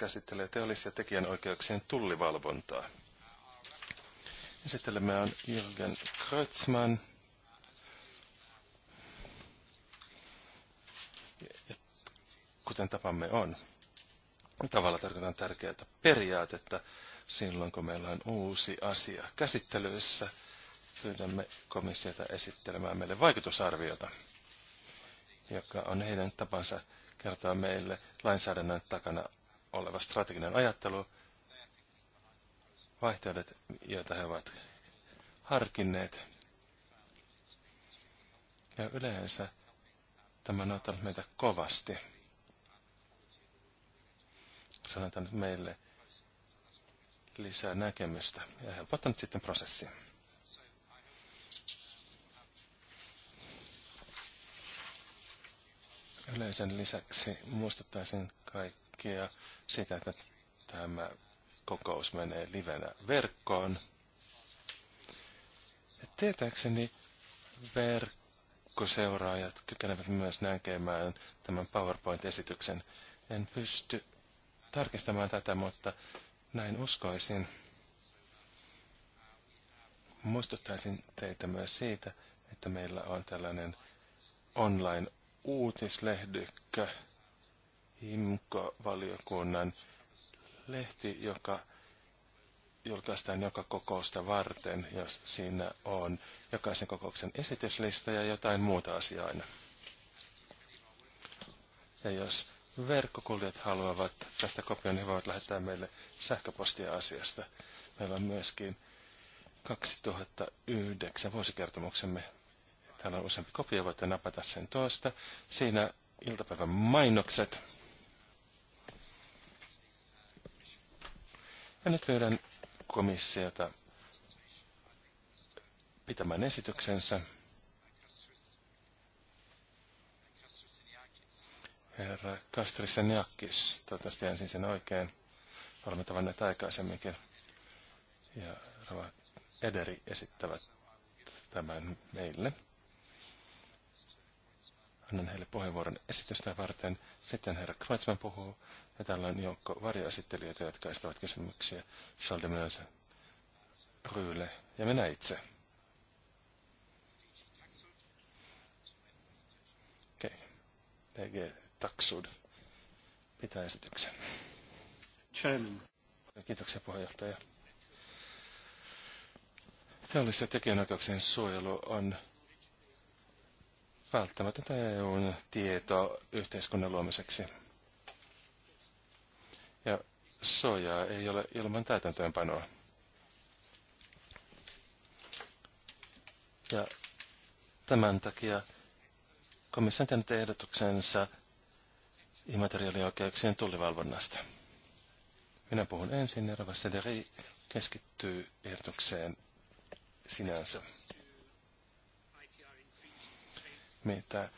käsittelee teollis- ja tekijänoikeuksien tullivalvontaa. Esittelemme on Jürgen Kreutzmann. Ja kuten tapamme on, tavalla tarkoitan tärkeää periaatetta silloin, kun meillä on uusi asia käsittelyssä. Pyydämme komissiota esittelemään meille vaikutusarviota, joka on heidän tapansa kertoa meille lainsäädännön takana oleva strateginen ajattelu, vaihtoehdot, joita he ovat harkinneet. Ja yleensä tämä on ottanut meitä kovasti. Sanotaan meille lisää näkemystä ja helpottanut sitten prosessia. Yleisen lisäksi muistuttaisin kaikki takia sitä, että tämä kokous menee livenä verkkoon. Ja tietääkseni verkkoseuraajat kykenevät myös näkemään tämän PowerPoint-esityksen. En pysty tarkistamaan tätä, mutta näin uskoisin. Muistuttaisin teitä myös siitä, että meillä on tällainen online-uutislehdykkö, Himko valiokunnan lehti, joka julkaistaan joka kokousta varten, jos siinä on jokaisen kokouksen esityslista ja jotain muuta asiaa aina. Ja jos verkkokuljet haluavat tästä kopion, niin he voivat lähettää meille sähköpostia asiasta. Meillä on myöskin 2009 vuosikertomuksemme. Täällä on useampi kopio, voitte napata sen tuosta. Siinä iltapäivän mainokset. Ja nyt pyydän komissiota pitämään esityksensä. Herra Kastrisenjakis, toivottavasti ensin sen oikein. Olemme tavanneet aikaisemminkin. Ja Rova Ederi esittävät tämän meille. Annan heille puheenvuoron esitystä varten. Sitten herra Kreutzmann puhuu ja täällä on joukko varjoesittelijöitä, jotka estävät kysymyksiä. Charles de Meuse, Ryle ja minä itse. Okei. Okay. DG Taksud pitää esityksen. Chairman. Kiitoksia puheenjohtaja. Teollis- tekijänoikeuksien suojelu on välttämätöntä EUn tietoa yhteiskunnan luomiseksi sojaa ei ole ilman täytäntöönpanoa. Ja tämän takia komissio on tehnyt ehdotuksensa immateriaalioikeuksien tullivalvonnasta. Minä puhun ensin ja Rava Sederi keskittyy ehdotukseen sinänsä. Mitä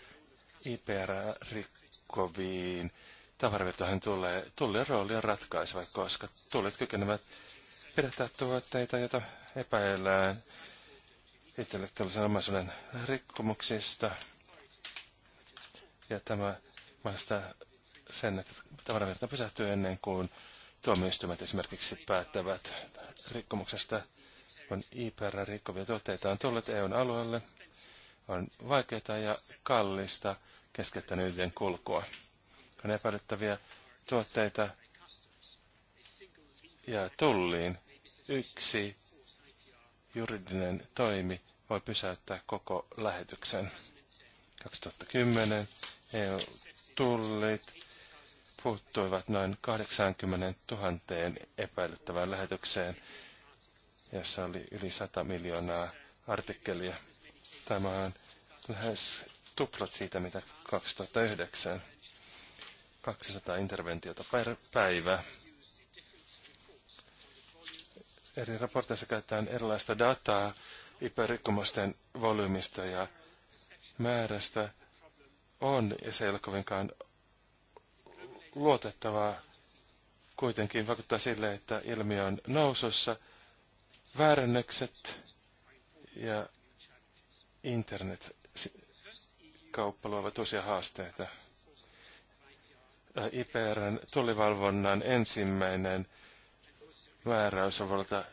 IPR rikkoviin tavaravirtoihin tulee. tulee rooli on ratkaiseva, koska tullit kykenevät pidättää tuotteita, joita epäillään intellektuaalisen omaisuuden rikkomuksista. Ja tämä mahdollistaa sen, että tavaravirta pysähtyy ennen kuin tuomioistuimet esimerkiksi päättävät rikkomuksesta, kun IPR rikkovia tuotteita on tullut EUn alueelle, on vaikeaa ja kallista keskeyttänyt yhden kulkua. On epäilyttäviä tuotteita ja tulliin yksi juridinen toimi voi pysäyttää koko lähetyksen. 2010 EU-tullit puuttuivat noin 80 000 epäilyttävään lähetykseen, jossa oli yli 100 miljoonaa artikkelia. Tämä on lähes tuplat siitä, mitä 2009. 200 interventiota per päivä. Eri raporteissa käytetään erilaista dataa IP-rikkomusten volyymista ja määrästä on, ja se ei ole kovinkaan luotettavaa. Kuitenkin vaikuttaa sille, että ilmiö on nousussa. Väärännökset ja internet kauppa luovat uusia haasteita. Äh, IPRn tullivalvonnan ensimmäinen määräys on vuodelta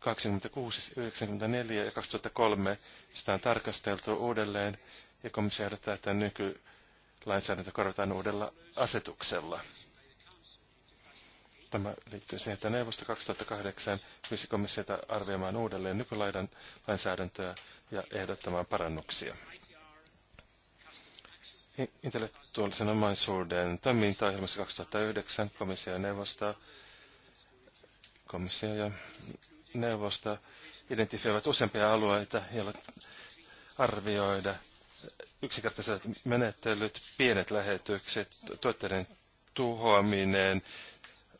26, 94 ja 2003. Sitä on tarkasteltu uudelleen ja komissio ehdottaa, että nykylainsäädäntö korvataan uudella asetuksella. Tämä liittyy siihen, että neuvosto 2008 pyysi komissiota arvioimaan uudelleen nykylainsäädäntöä ja ehdottamaan parannuksia intellektuaalisen omaisuuden toimintaohjelmassa 2009 komissio ja neuvosto, komissio ja neuvosto identifioivat useampia alueita, joilla arvioida yksinkertaiset menettelyt, pienet lähetykset, tuotteiden tuhoaminen,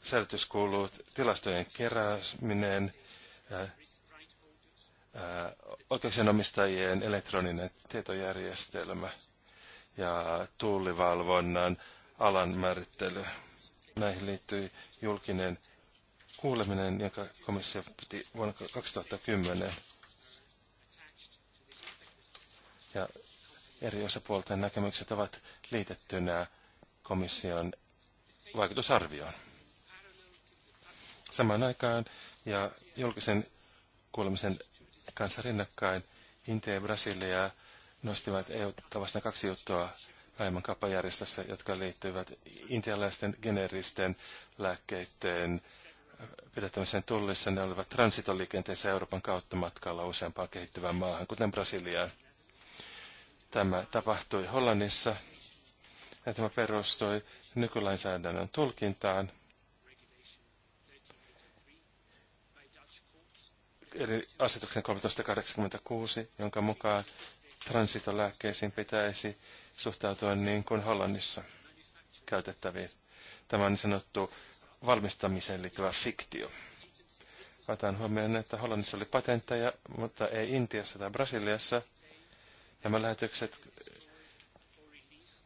säilytyskulut, tilastojen kerääminen, oikeuksien omistajien elektroninen tietojärjestelmä – ja tullivalvonnan alan määrittely. Näihin liittyi julkinen kuuleminen, jonka komissio piti vuonna 2010. Ja eri osapuolten näkemykset ovat liitettynä komission vaikutusarvioon. Samaan aikaan ja julkisen kuulemisen kanssa rinnakkain Intia ja Brasilia nostivat EUta vastaan kaksi juttua aiemman kappajärjestössä, jotka liittyvät intialaisten generisten lääkkeiden pidettämiseen tullissa. Ne olivat transitoliikenteessä Euroopan kautta matkalla useampaan kehittyvään maahan, kuten Brasiliaan. Tämä tapahtui Hollannissa ja tämä perustui nykylainsäädännön tulkintaan. Eli asetuksen 1386, jonka mukaan transitolääkkeisiin pitäisi suhtautua niin kuin Hollannissa käytettäviin. Tämä on niin sanottu valmistamiseen liittyvä fiktio. Otan huomioon, että Hollannissa oli patentteja, mutta ei Intiassa tai Brasiliassa. Nämä lähetykset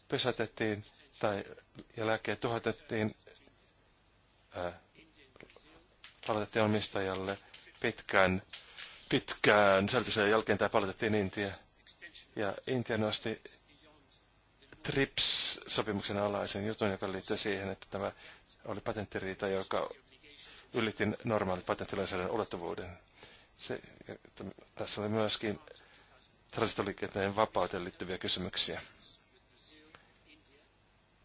pysäytettiin tai, ja lääkkeet tuhotettiin, äh, palautettiin omistajalle pitkään, pitkään säilytyksen jälkeen tai palautettiin Intiaan ja Intia nosti TRIPS-sopimuksen alaisen jutun, joka liittyy siihen, että tämä oli patenttiriita, joka ylitti normaalit patenttilainsäädännön ulottuvuuden. Se, että tässä oli myöskin transitoliikenteen vapauteen liittyviä kysymyksiä.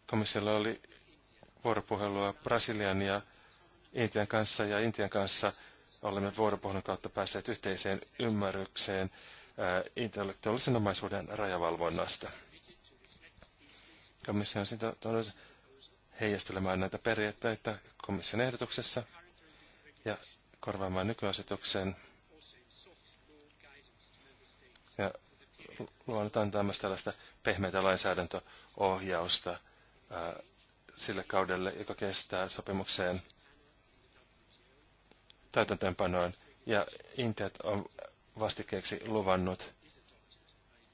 Komissiolla oli vuoropuhelua Brasilian ja Intian kanssa, ja Intian kanssa olemme vuoropuhelun kautta päässeet yhteiseen ymmärrykseen Äh, intellektuaalisen omaisuuden rajavalvonnasta. Komissio on siitä heijastelemaan näitä periaatteita komission ehdotuksessa ja korvaamaan nykyasetuksen ja luonnotaan tämmöistä tällaista pehmeitä lainsäädäntöohjausta ää, äh, sille kaudelle, joka kestää sopimukseen täytäntöönpanoon. Ja Intet on vastikkeeksi luvannut,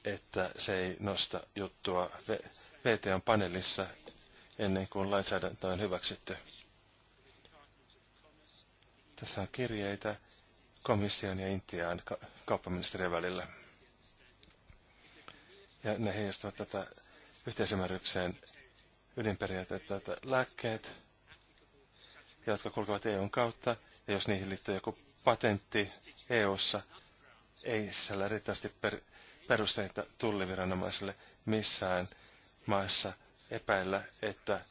että se ei nosta juttua VTOn paneelissa ennen kuin lainsäädäntö on hyväksytty. Tässä on kirjeitä komission ja Intiaan ka- kauppaministeriön välillä. Ja ne heijastavat tätä yhteisymmärrykseen ydinperiaatetta, että lääkkeet, jotka kulkevat EUn kautta, ja jos niihin liittyy joku patentti EUssa, ei sisällä riittävästi per, perusteita tulliviranomaisille missään maassa epäillä, että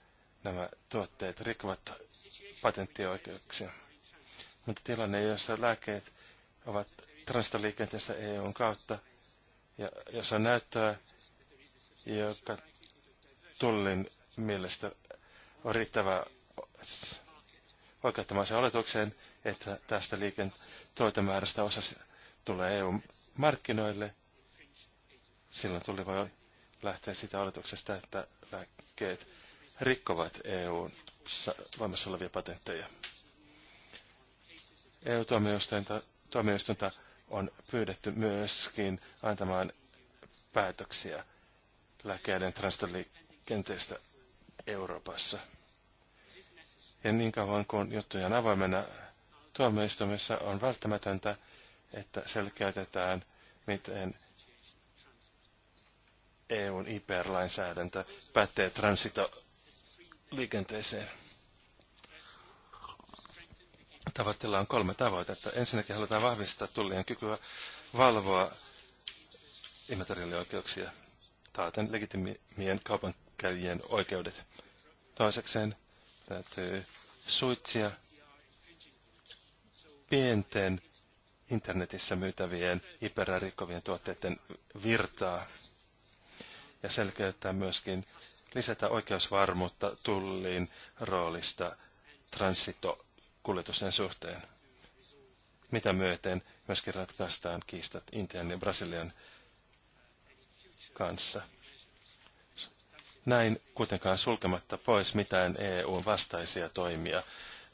nämä tuotteet rikkovat patenttioikeuksia. Mutta tilanne, jossa lääkkeet ovat transitoliikenteessä EUn kautta, ja jos on näyttöä, joka tullin mielestä on riittävää oikeuttamaan sen oletukseen, että tästä liikenteen tuotemäärästä osa tulee EU-markkinoille, silloin tuli voi lähteä sitä oletuksesta, että lääkkeet rikkovat EUn voimassa olevia patentteja. eu tuomioistunta on pyydetty myöskin antamaan päätöksiä lääkkeiden transitoliikenteestä Euroopassa. Ja niin kauan kuin juttuja on avoimena tuomioistuimessa on välttämätöntä, että selkeytetään, miten EUn IPR-lainsäädäntö pätee transitoliikenteeseen. Tavoitteella on kolme tavoitetta. Ensinnäkin halutaan vahvistaa tullien kykyä valvoa immateriaalioikeuksia taaten legitimien kaupankäyjien oikeudet. Toisekseen täytyy suitsia pienten internetissä myytävien hiperrikkovien tuotteiden virtaa ja selkeyttää myöskin lisätä oikeusvarmuutta tulliin roolista transitokuljetusten suhteen, mitä myöten myöskin ratkaistaan kiistat Intian ja Brasilian kanssa. Näin kuitenkaan sulkematta pois mitään EUn vastaisia toimia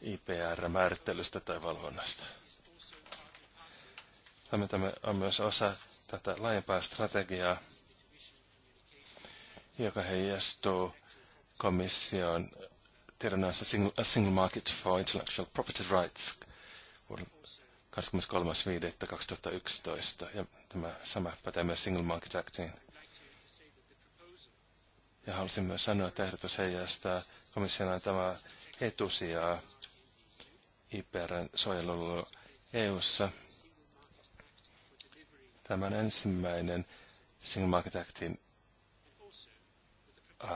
IPR-määrittelystä tai valvonnasta. Toimintamme on myös osa tätä laajempaa strategiaa, joka heijastuu komission tiedonnoissa A Single Market for Intellectual Property Rights 23.5.2011. Ja tämä sama pätee myös Single Market Actiin. Ja halusin myös sanoa, että ehdotus heijastaa komission antamaa etusijaa IPRn suojelulla EU-ssa – Tämä on ensimmäinen Single Market Actin äh,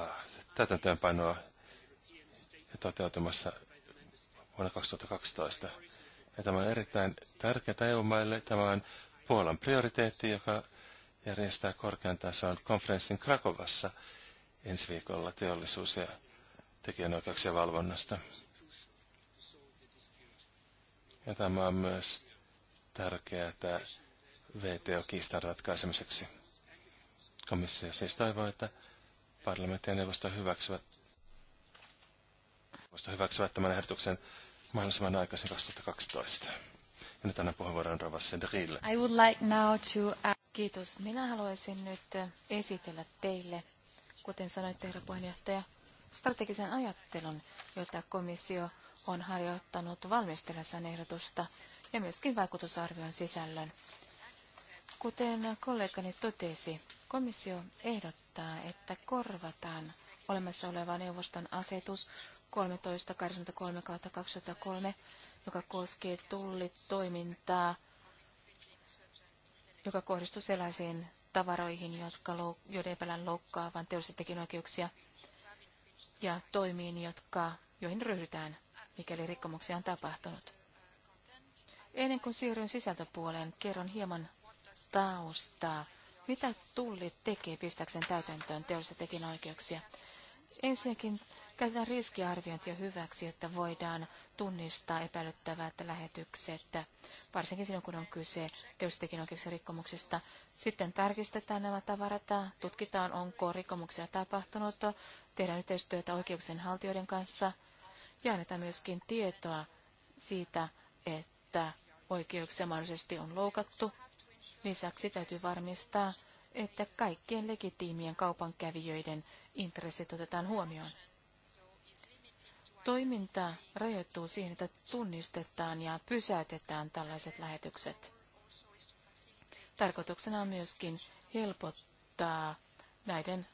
täytäntöönpanoa ja toteutumassa vuonna 2012. Ja tämä on erittäin tärkeää EU-maille. Tämä on Puolan prioriteetti, joka järjestää korkean tason konferenssin Krakovassa ensi viikolla teollisuus- ja tekijänoikeuksien valvonnasta. Ja tämä on myös tärkeää VTO-kiistan ratkaisemiseksi. Komissio siis toivoo, että parlamentti ja neuvosto hyväksyvät, neuvosto hyväksyvät tämän ehdotuksen mahdollisimman aikaisin 2012. Ja nyt annan puheenvuoron Rova Sedrille. I would like now to... Kiitos. Minä haluaisin nyt esitellä teille, kuten sanoitte, herra puheenjohtaja, strategisen ajattelun, jota komissio on harjoittanut valmistellessaan ehdotusta ja myöskin vaikutusarvion sisällön. Kuten kollegani totesi, komissio ehdottaa, että korvataan olemassa oleva neuvoston asetus 1383-2003, joka koskee tullitoimintaa, joka kohdistuu sellaisiin tavaroihin, jotka, joiden epäillään loukkaavan teollisten oikeuksia ja toimiin, jotka, joihin ryhdytään, mikäli rikkomuksia on tapahtunut. Ennen kuin siirryn sisältöpuoleen, kerron hieman taustaa. Mitä tulli teki pistäkseen täytäntöön teollisia tekinoikeuksia. Ensinnäkin käytetään riskiarviointia hyväksi, jotta voidaan tunnistaa epäilyttävät lähetykset, varsinkin silloin kun on kyse teollisista rikkomuksista. Sitten tarkistetaan nämä tavarat, tutkitaan onko rikkomuksia tapahtunut, tehdään yhteistyötä oikeuksenhaltijoiden kanssa ja annetaan myöskin tietoa siitä, että oikeuksia mahdollisesti on loukattu Lisäksi täytyy varmistaa, että kaikkien legitiimien kaupankävijöiden intressit otetaan huomioon. Toiminta rajoittuu siihen, että tunnistetaan ja pysäytetään tällaiset lähetykset. Tarkoituksena on myöskin helpottaa näiden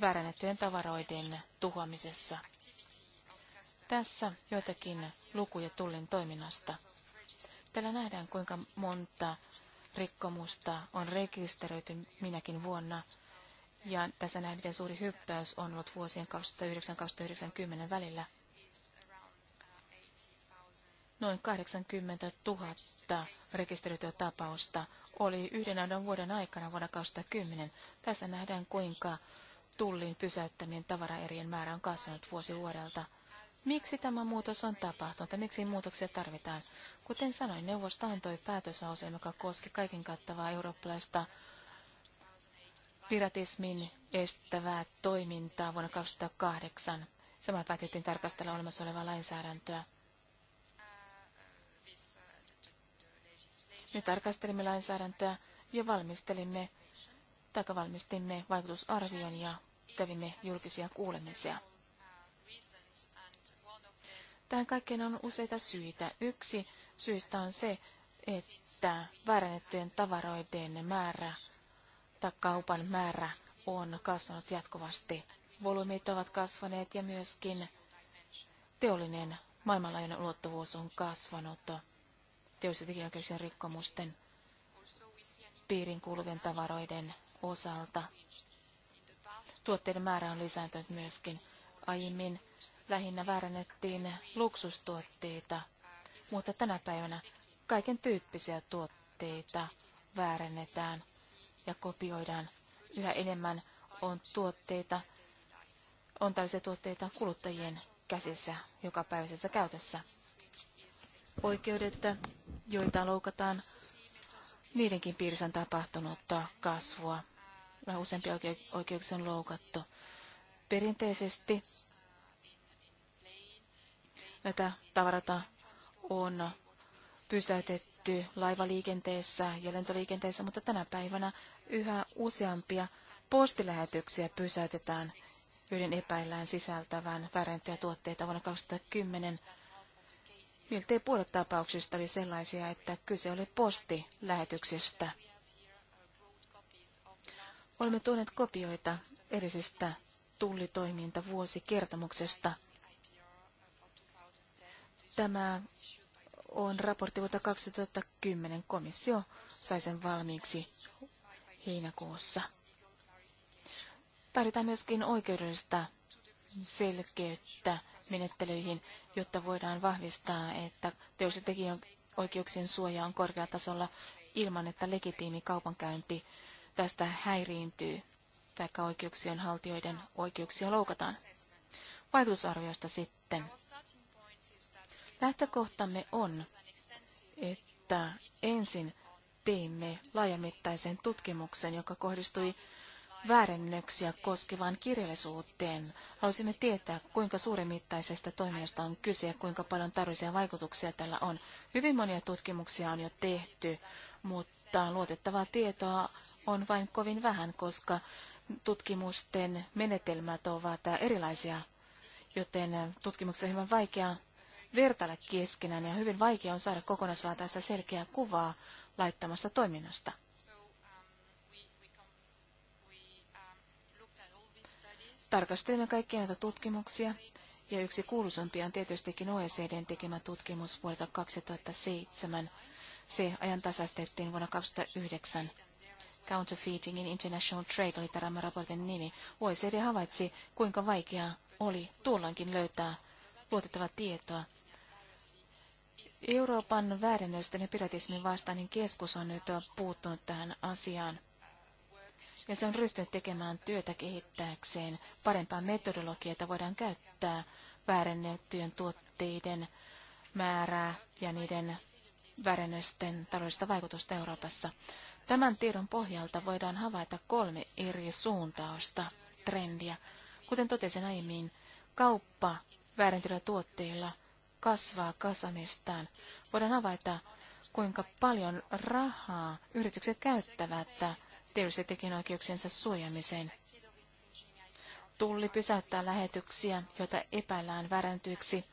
väärännettyjen tavaroiden tuhoamisessa. Tässä joitakin lukuja Tullin toiminnasta. Täällä nähdään, kuinka monta rikkomusta on rekisteröity minäkin vuonna. Ja tässä nähdään, miten suuri hyppäys on ollut vuosien 2009-2090 välillä. Noin 80 000 rekisteröityä tapausta oli yhden vuoden aikana vuonna 2010. Tässä nähdään, kuinka tullin pysäyttämien tavaraerien määrä on kasvanut vuosi vuodelta. Miksi tämä muutos on tapahtunut ja miksi muutoksia tarvitaan? Kuten sanoin, neuvosto antoi päätöslauselman, joka koski kaiken kattavaa eurooppalaista piratismin estävää toimintaa vuonna 2008. Samalla päätettiin tarkastella olemassa olevaa lainsäädäntöä. Me tarkastelimme lainsäädäntöä ja valmistelimme, tai valmistimme vaikutusarvion ja kävimme julkisia kuulemisia. Tähän kaikkeen on useita syitä. Yksi syistä on se, että väärännettyjen tavaroiden määrä tai kaupan määrä on kasvanut jatkuvasti. Volyymit ovat kasvaneet ja myöskin teollinen maailmanlaajuinen ulottuvuus on kasvanut teollisten tekijäoikeuksien rikkomusten piirin kuuluvien tavaroiden osalta. Tuotteiden määrä on lisääntynyt myöskin aiemmin lähinnä väärennettiin luksustuotteita, mutta tänä päivänä kaiken tyyppisiä tuotteita väärennetään ja kopioidaan. Yhä enemmän on tuotteita, on tällaisia tuotteita kuluttajien käsissä jokapäiväisessä käytössä. Oikeudet, joita loukataan, niidenkin piirissä on tapahtunut kasvua. Vähän useampia oikeuksia on loukattu. Perinteisesti näitä tavarata on pysäytetty laivaliikenteessä ja lentoliikenteessä, mutta tänä päivänä yhä useampia postilähetyksiä pysäytetään, joiden epäillään sisältävän väärentyjä tuotteita vuonna 2010. Miltei puolet tapauksista oli sellaisia, että kyse oli postilähetyksestä. Olemme tuoneet kopioita erisistä tullitoiminta vuosikertomuksesta. Tämä on raportti vuotta 2010. Komissio sai sen valmiiksi heinäkuussa. Tarvitaan myöskin oikeudellista selkeyttä menettelyihin, jotta voidaan vahvistaa, että teos- ja oikeuksien suoja on korkealla tasolla ilman, että legitiimi kaupankäynti tästä häiriintyy tai oikeuksien haltijoiden oikeuksia loukataan. Vaikutusarvioista sitten. Lähtökohtamme on, että ensin teimme laajamittaisen tutkimuksen, joka kohdistui väärennöksiä koskevaan kirjallisuuteen. Haluaisimme tietää, kuinka suurimittaisesta toiminnasta on kyse ja kuinka paljon tarvisia vaikutuksia tällä on. Hyvin monia tutkimuksia on jo tehty, mutta luotettavaa tietoa on vain kovin vähän, koska tutkimusten menetelmät ovat erilaisia, joten tutkimuksessa on hyvin vaikea vertailla keskenään ja hyvin vaikea on saada kokonaisvaltaista selkeää kuvaa laittamasta toiminnasta. Tarkastelimme kaikkia näitä tutkimuksia ja yksi kuuluisampia on tietystikin OECDn tekemä tutkimus vuodelta 2007. Se ajantasastettiin vuonna 2009 Counterfeiting in International Trade oli tämän raportin nimi. OECD havaitsi, kuinka vaikeaa oli tuollankin löytää luotettavaa tietoa. Euroopan väärennösten ja piratismin vastainen keskus on nyt puuttunut tähän asiaan. Ja se on ryhtynyt tekemään työtä kehittääkseen parempaa metodologiaa, että voidaan käyttää väärennettyjen tuotteiden määrää ja niiden väärennösten taloudellista vaikutusta Euroopassa. Tämän tiedon pohjalta voidaan havaita kolme eri suuntausta, trendiä. Kuten totesin aiemmin, kauppa väärentyillä tuotteilla kasvaa kasvamistaan. Voidaan havaita, kuinka paljon rahaa yritykset käyttävät teollisen tekijänoikeuksiensa suojamiseen. Tulli pysäyttää lähetyksiä, joita epäillään väärentyiksi,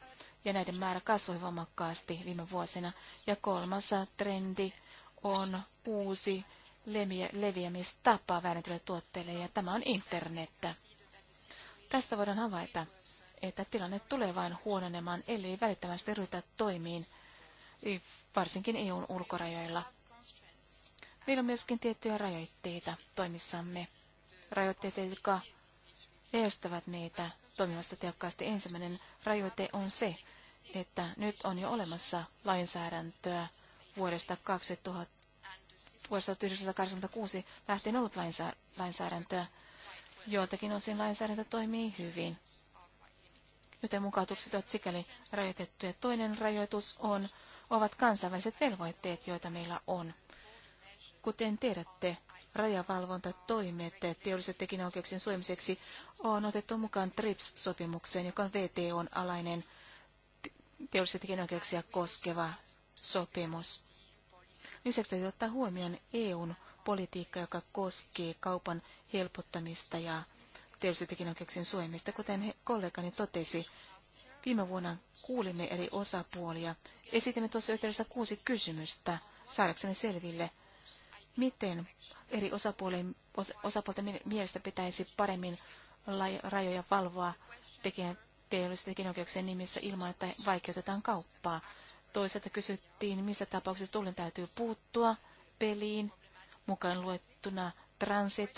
ja näiden määrä kasvoi voimakkaasti viime vuosina. Ja kolmas trendi on uusi leviämistapa väännetylle tuotteille ja tämä on internet. Tästä voidaan havaita, että tilanne tulee vain huononemaan, ellei välittömästi ryhtyä toimiin, varsinkin EUn ulkorajoilla. Meillä on myöskin tiettyjä rajoitteita toimissamme. Rajoitteita, jotka estävät meitä toimimasta tehokkaasti. Ensimmäinen rajoite on se, että nyt on jo olemassa lainsäädäntöä vuodesta 2000, vuodesta 1986 lähtien ollut lainsäädäntöä. Joiltakin osin lainsäädäntö toimii hyvin, joten mukautukset ovat sikäli rajoitettuja. Toinen rajoitus on, ovat kansainväliset velvoitteet, joita meillä on. Kuten tiedätte, rajavalvontatoimet teollisen tekijänoikeuksien suojamiseksi on otettu mukaan TRIPS-sopimukseen, joka on VTOn alainen teollisia tekijänoikeuksia koskeva sopimus. Lisäksi täytyy ottaa huomioon EUn politiikka, joka koskee kaupan helpottamista ja teollisuuden oikeuksien suojelmista. Kuten kollegani totesi, viime vuonna kuulimme eri osapuolia. Esitimme tuossa yhteydessä kuusi kysymystä saadakseni selville, miten eri osapuolien, osapuolten mielestä pitäisi paremmin rajoja valvoa tekijän teollisten oikeuksien nimissä ilman, että vaikeutetaan kauppaa. Toisaalta kysyttiin, missä tapauksessa tullin täytyy puuttua peliin, mukaan luettuna transit,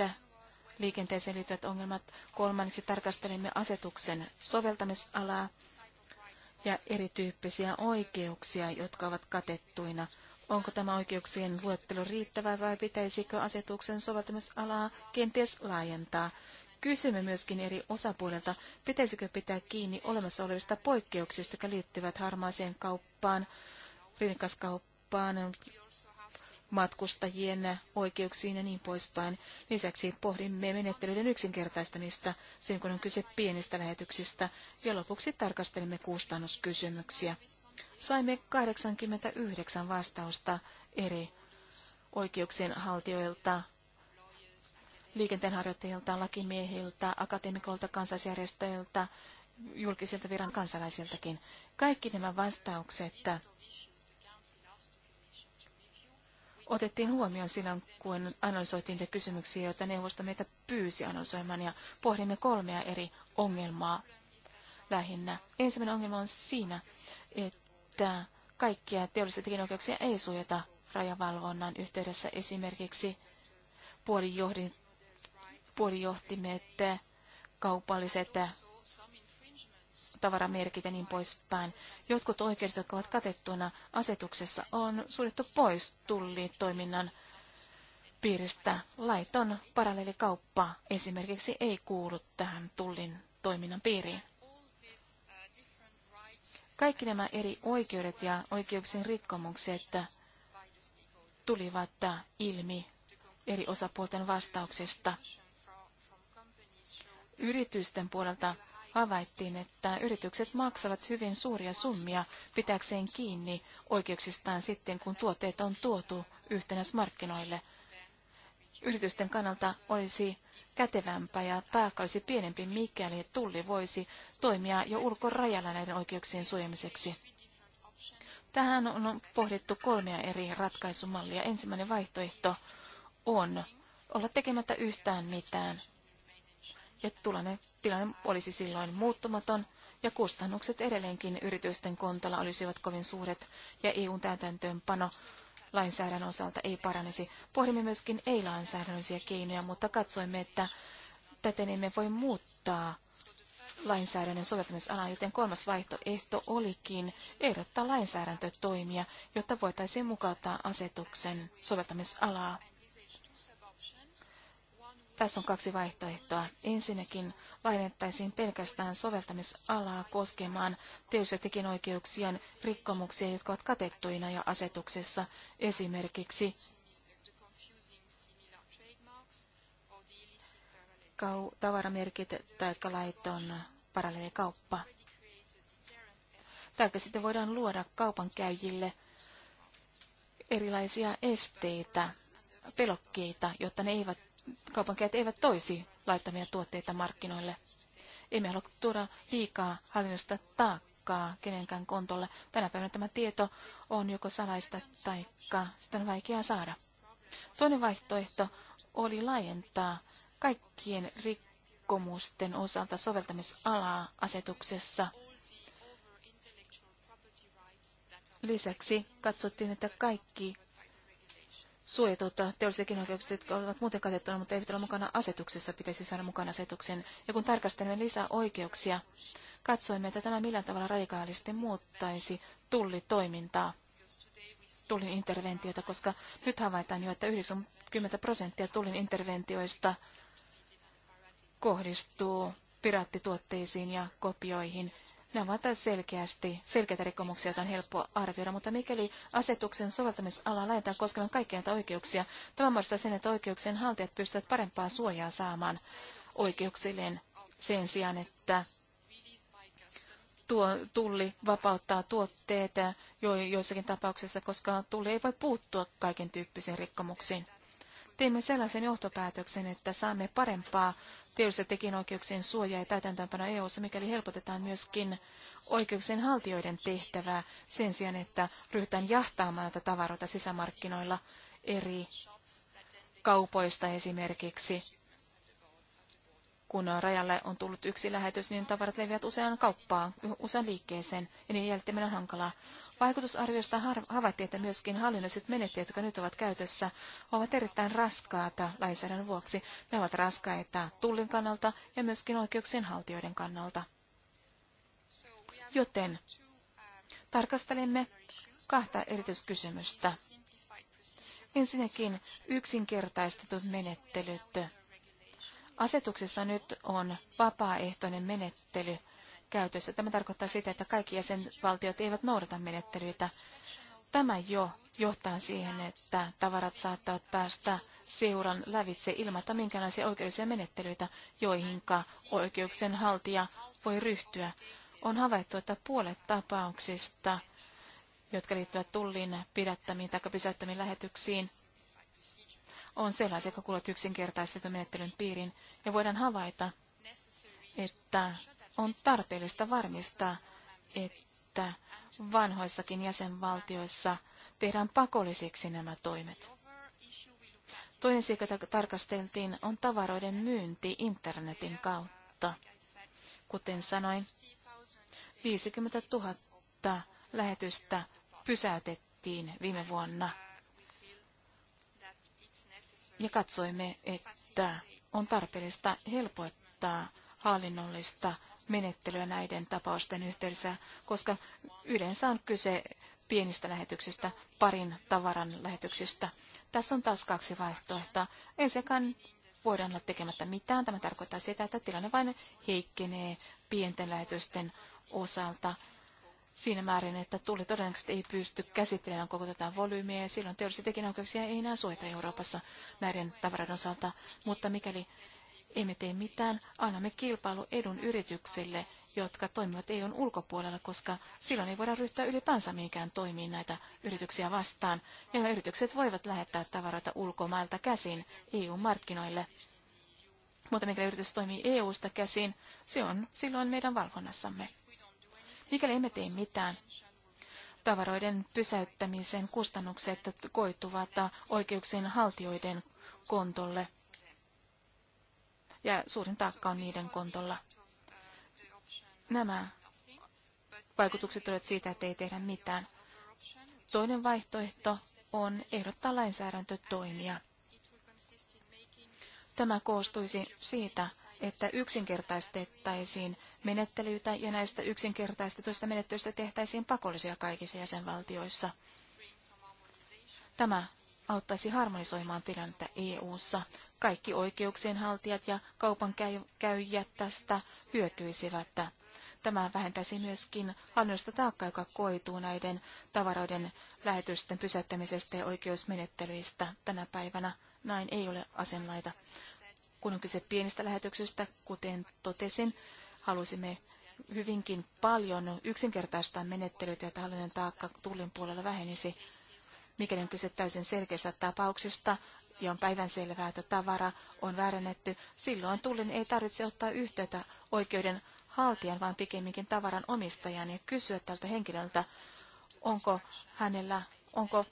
liikenteeseen liittyvät ongelmat. Kolmanneksi tarkastelimme asetuksen soveltamisalaa ja erityyppisiä oikeuksia, jotka ovat katettuina. Onko tämä oikeuksien luettelo riittävä vai pitäisikö asetuksen soveltamisalaa kenties laajentaa? Kysymme myöskin eri osapuolilta, pitäisikö pitää kiinni olemassa olevista poikkeuksista, jotka liittyvät harmaaseen kauppaan, rinnakkaiskauppaan, matkustajien oikeuksiin ja niin poispäin. Lisäksi pohdimme menettelyiden yksinkertaistamista silloin, kun on kyse pienistä lähetyksistä, ja lopuksi tarkastelemme kustannuskysymyksiä. Saimme 89 vastausta eri oikeuksien haltijoilta liikenteenharjoittajilta, lakimiehiltä, akateemikolta, kansaisjärjestöiltä, julkisilta viran kansalaisiltakin. Kaikki nämä vastaukset otettiin huomioon silloin, kun analysoitiin niitä kysymyksiä, joita neuvosto meitä pyysi analysoimaan, ja pohdimme kolmea eri ongelmaa lähinnä. Ensimmäinen ongelma on siinä, että kaikkia teollisia tekijänoikeuksia ei suojata rajavalvonnan yhteydessä esimerkiksi puolijohdin puolijohtimet, kaupalliset tavaramerkit ja niin poispäin. Jotkut oikeudet, jotka ovat katettuna asetuksessa, on suljettu pois tullitoiminnan piiristä. Laiton paralleelikauppa esimerkiksi ei kuulu tähän tullin toiminnan piiriin. Kaikki nämä eri oikeudet ja oikeuksien rikkomukset tulivat ilmi eri osapuolten vastauksesta yritysten puolelta havaittiin, että yritykset maksavat hyvin suuria summia pitäkseen kiinni oikeuksistaan sitten, kun tuotteet on tuotu yhtenä markkinoille. Yritysten kannalta olisi kätevämpää ja taakka olisi pienempi, mikäli tulli voisi toimia jo ulkorajalla näiden oikeuksien suojamiseksi. Tähän on pohdittu kolmea eri ratkaisumallia. Ensimmäinen vaihtoehto on olla tekemättä yhtään mitään ja tilanne, tilanne olisi silloin muuttumaton ja kustannukset edelleenkin yritysten kontolla olisivat kovin suuret ja EUn täytäntöönpano lainsäädännön osalta ei paranisi. Pohdimme myöskin ei-lainsäädännöllisiä keinoja, mutta katsoimme, että täten emme voi muuttaa lainsäädännön soveltamisalaa, joten kolmas vaihtoehto olikin ehdottaa lainsäädäntötoimia, jotta voitaisiin mukauttaa asetuksen soveltamisalaa. Tässä on kaksi vaihtoehtoa. Ensinnäkin laajennettaisiin pelkästään soveltamisalaa koskemaan teos- ja tekinoikeuksien rikkomuksia, jotka ovat katettuina jo asetuksessa, esimerkiksi kau- tavaramerkit tai laiton paralleelikauppa. Tai sitten voidaan luoda kaupankäyjille erilaisia esteitä, pelokkeita, jotta ne eivät kaupankäyt eivät toisi laittamia tuotteita markkinoille. Emme halua tuoda liikaa hallinnosta taakkaa kenenkään kontolle. Tänä päivänä tämä tieto on joko salaista tai sitä on vaikeaa saada. Toinen vaihtoehto oli laajentaa kaikkien rikkomusten osalta soveltamisalaa asetuksessa. Lisäksi katsottiin, että kaikki suojatuutta teollisetkin oikeukset, jotka ovat muuten katettuna, mutta eivät ole mukana asetuksessa, pitäisi saada mukana asetuksen. Ja kun tarkastelemme lisää oikeuksia, katsoimme, että tämä millään tavalla radikaalisti muuttaisi tullitoimintaa, tullin interventiota, koska nyt havaitaan jo, että 90 prosenttia tullin interventioista kohdistuu piraattituotteisiin ja kopioihin Nämä ovat selkeästi selkeitä rikkomuksia, joita on helppo arvioida, mutta mikäli asetuksen soveltamisala laitetaan koskemaan kaikkia näitä oikeuksia, tämä muodostaa sen, että oikeuksien haltijat pystyvät parempaa suojaa saamaan oikeuksilleen sen sijaan, että tuo tulli vapauttaa tuotteita, jo, joissakin tapauksissa, koska tulli ei voi puuttua kaiken tyyppisiin rikkomuksiin. Teimme sellaisen johtopäätöksen, että saamme parempaa teollisuus- ja tekijänoikeuksien suojaa ja täytäntöönpanoa eu mikäli helpotetaan myöskin oikeuksien haltijoiden tehtävää sen sijaan, että ryhdytään jahtaamaan näitä tavaroita sisämarkkinoilla eri kaupoista esimerkiksi kun rajalle on tullut yksi lähetys, niin tavarat leviävät usean kauppaan, usean liikkeeseen, ja niin jälkeen on hankalaa. Vaikutusarviosta havaittiin, että myöskin hallinnolliset menettelyt, jotka nyt ovat käytössä, ovat erittäin raskaata lainsäädännön vuoksi. Ne ovat raskaita tullin kannalta ja myöskin oikeuksien haltijoiden kannalta. Joten tarkastelemme kahta erityiskysymystä. Ensinnäkin yksinkertaistetut menettelyt Asetuksessa nyt on vapaaehtoinen menettely käytössä. Tämä tarkoittaa sitä, että kaikki jäsenvaltiot eivät noudata menettelyitä. Tämä jo johtaa siihen, että tavarat saattavat päästä seuran lävitse ilmatta minkälaisia oikeudellisia menettelyitä, joihinka oikeuksien haltija voi ryhtyä. On havaittu, että puolet tapauksista, jotka liittyvät tullin pidättämiin tai pysäyttämiin lähetyksiin, on sellaisia, jotka kuuluvat yksinkertaistetun menettelyn piiriin, ja voidaan havaita, että on tarpeellista varmistaa, että vanhoissakin jäsenvaltioissa tehdään pakollisiksi nämä toimet. Toinen seikka, jota tarkasteltiin, on tavaroiden myynti internetin kautta. Kuten sanoin, 50 000 lähetystä pysäytettiin viime vuonna ja katsoimme, että on tarpeellista helpottaa hallinnollista menettelyä näiden tapausten yhteydessä, koska yleensä on kyse pienistä lähetyksistä, parin tavaran lähetyksistä. Tässä on taas kaksi vaihtoehtoa. Ensinnäkin voidaan olla tekemättä mitään. Tämä tarkoittaa sitä, että tilanne vain heikkenee pienten lähetysten osalta siinä määrin, että tuli todennäköisesti ei pysty käsittelemään koko tätä volyymiä, ja silloin teollisia tekijänoikeuksia ei enää suojata Euroopassa näiden tavaroiden osalta. Mutta mikäli emme tee mitään, annamme kilpailu edun yrityksille, jotka toimivat EUn ulkopuolella, koska silloin ei voida ryhtyä ylipäänsä mihinkään toimiin näitä yrityksiä vastaan. Ja nämä yritykset voivat lähettää tavaroita ulkomailta käsin EU-markkinoille. Mutta mikä yritys toimii EUsta käsin, se on silloin meidän valvonnassamme. Mikäli emme tee mitään, tavaroiden pysäyttämisen kustannukset koituvat oikeuksien haltijoiden kontolle. Ja suurin taakka on niiden kontolla. Nämä vaikutukset tulevat siitä, että ei tehdä mitään. Toinen vaihtoehto on ehdottaa lainsäädäntötoimia. Tämä koostuisi siitä, että yksinkertaistettaisiin menettelyitä ja näistä yksinkertaistetuista menettelyistä tehtäisiin pakollisia kaikissa jäsenvaltioissa. Tämä auttaisi harmonisoimaan tilannetta EU-ssa. Kaikki oikeuksien haltijat ja kaupan käyjät tästä hyötyisivät. Tämä vähentäisi myöskin hallinnollista taakkaa, joka koituu näiden tavaroiden lähetysten pysäyttämisestä ja oikeusmenettelyistä tänä päivänä. Näin ei ole asenlaita. Kun on kyse pienistä lähetyksistä, kuten totesin, halusimme hyvinkin paljon yksinkertaistaa menettelyitä, että hallinnon taakka tullin puolella vähenisi. Mikäli on kyse täysin selkeästä tapauksesta ja on selvää, että tavara on väärennetty, silloin tullin ei tarvitse ottaa yhteyttä oikeuden haltijan, vaan pikemminkin tavaran omistajan ja kysyä tältä henkilöltä, onko hänellä, onko,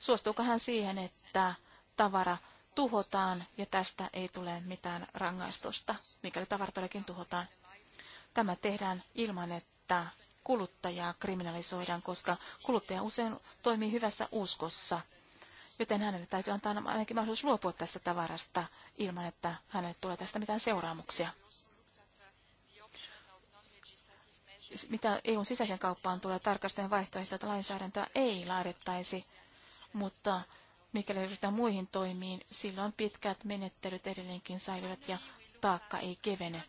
suostuuko hän siihen, että tavara tuhotaan ja tästä ei tule mitään rangaistusta, mikäli tavaratodellakin tuhotaan. Tämä tehdään ilman, että kuluttajaa kriminalisoidaan, koska kuluttaja usein toimii hyvässä uskossa, joten hänelle täytyy antaa ainakin mahdollisuus luopua tästä tavarasta ilman, että hänelle tulee tästä mitään seuraamuksia. Mitä EUn sisäisen kauppaan tulee tarkastajan vaihtoehto, että lainsäädäntöä ei laadettaisi, mutta Mikäli ryhdytään muihin toimiin, silloin pitkät menettelyt edelleenkin säilyvät ja taakka ei kevene.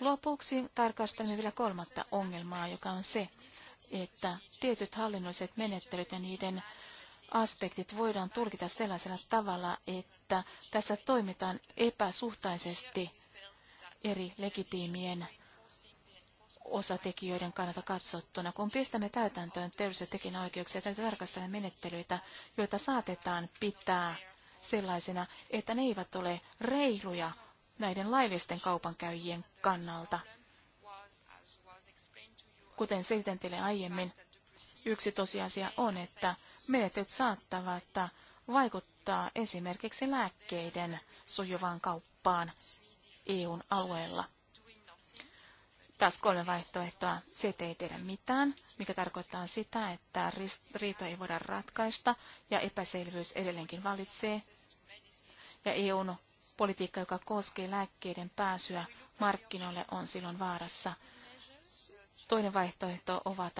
Lopuksi tarkastelemme vielä kolmatta ongelmaa, joka on se, että tietyt hallinnolliset menettelyt ja niiden aspektit voidaan tulkita sellaisella tavalla, että tässä toimitaan epäsuhtaisesti eri legitiimien osatekijöiden kannalta katsottuna. Kun pistämme täytäntöön ja tekijänoikeuksia, täytyy tarkastella menettelyitä, joita saatetaan pitää sellaisena, että ne eivät ole reiluja näiden laillisten kaupankäyjien kannalta. Kuten selitän teille aiemmin, yksi tosiasia on, että menetet saattavat vaikuttaa esimerkiksi lääkkeiden sujuvaan kauppaan EUn alueella. Taas kolme vaihtoehtoa, se ei tehdä mitään, mikä tarkoittaa sitä, että riito ei voida ratkaista ja epäselvyys edelleenkin valitsee. Ja EUn politiikka, joka koskee lääkkeiden pääsyä markkinoille, on silloin vaarassa. Toinen vaihtoehto ovat